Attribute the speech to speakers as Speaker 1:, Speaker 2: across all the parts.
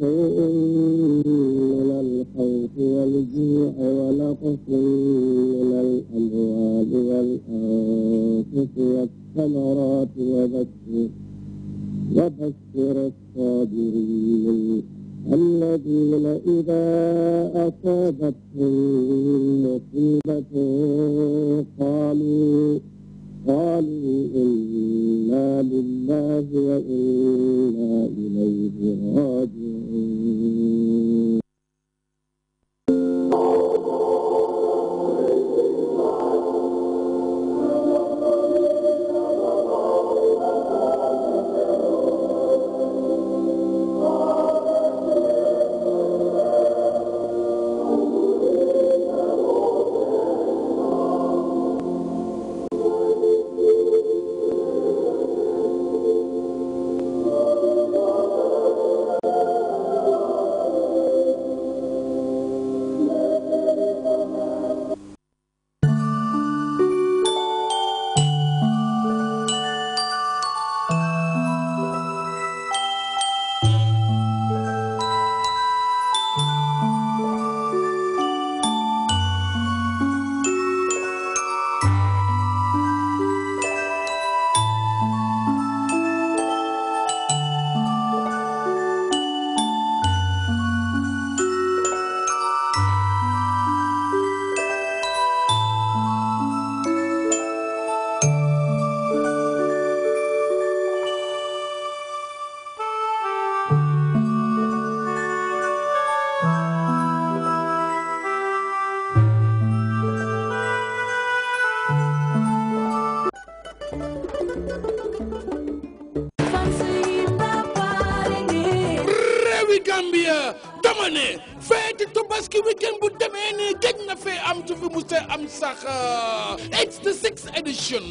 Speaker 1: شيء من الخوف والجوع ونقص من الأموال والأنفس والثمرات وبشر وبشر الصابرين الذين إذا أصابتهم
Speaker 2: Gambia am am it's euh, the sixth edition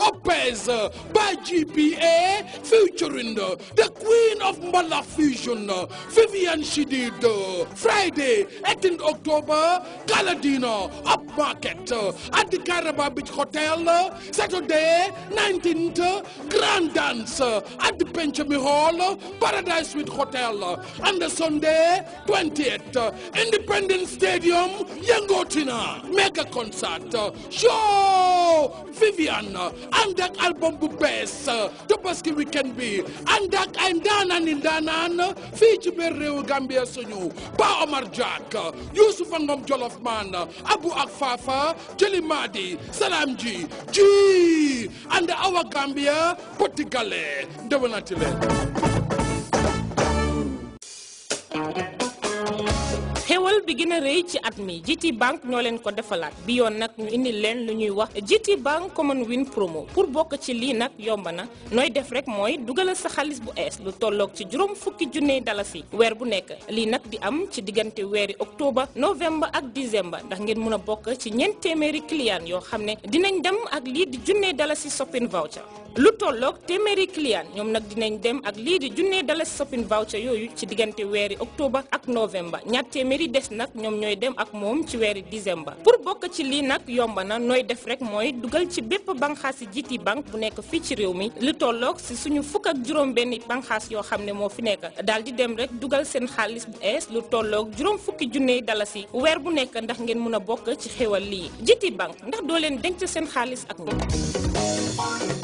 Speaker 2: OPEZ by GPA featuring the queen of Mbalax fusion Vivian Chidid Friday 18 October Galadina Upmarket at the Caraba Beach Hotel Saturday 19th Grand Dance at the Benjamin Hall Paradise Suite Hotel and the Sunday 20th. Independence Stadium, Yangotina. Mega concert. Show Vivian. that album best, bees. Tabaski we can be, and ndaanaan yi ndaanaan fii ci biir réewu Gambia suñu. Ba Omar Jack. Yusuf Ngom Jolof Abu ak Fafa. Salamji, Madi. Salam ji. And our Gambia. Potigale. Dewenati leen.
Speaker 3: Thank you. bi gën a rëy ci at mi GT Bank ñoo leen ko defalaat bi yoon nag ñu indi leen lu ñuy wax GT Bank Common Win Promo pour bokk ci lii nag yomb na nooy def rek mooy dugalal sa xaalis bu ees lu tollook ci juróom fukki junney si weer bu nekk lii nag di am ci diggante weeri octobre novembre ak décembre ndax ngeen mën a bokk ci ñeent téeméeri client yoo xam ne dinañ dem ak lii di dala si shopping voucher lu tolloog téeméeri client ñoom nag dinañ dem ak lii di junney dalasi shopping voucher yooyu ci diggante weeri octobre ak novembre ñaar téeméeri nag ñoom ñooy dem ak moom ci weeri décembre pour bokk ci lii nag yomba na nooy def rek mooy dugal ci bépp banqaas yi jiiti banque bu nekk fii ci réew mi lu tolloog ci suñu fukk ak juróom benn banxaas yoo xam ne moo fi nekk daal di dem rek dugal seen xaalis lu tolloog juróom fukki junney dalasi weer bu nekk ndax ngeen mun a bokk ci xéwal lii jiiti banque ndax doo leen denc seen xaalis ak ñoom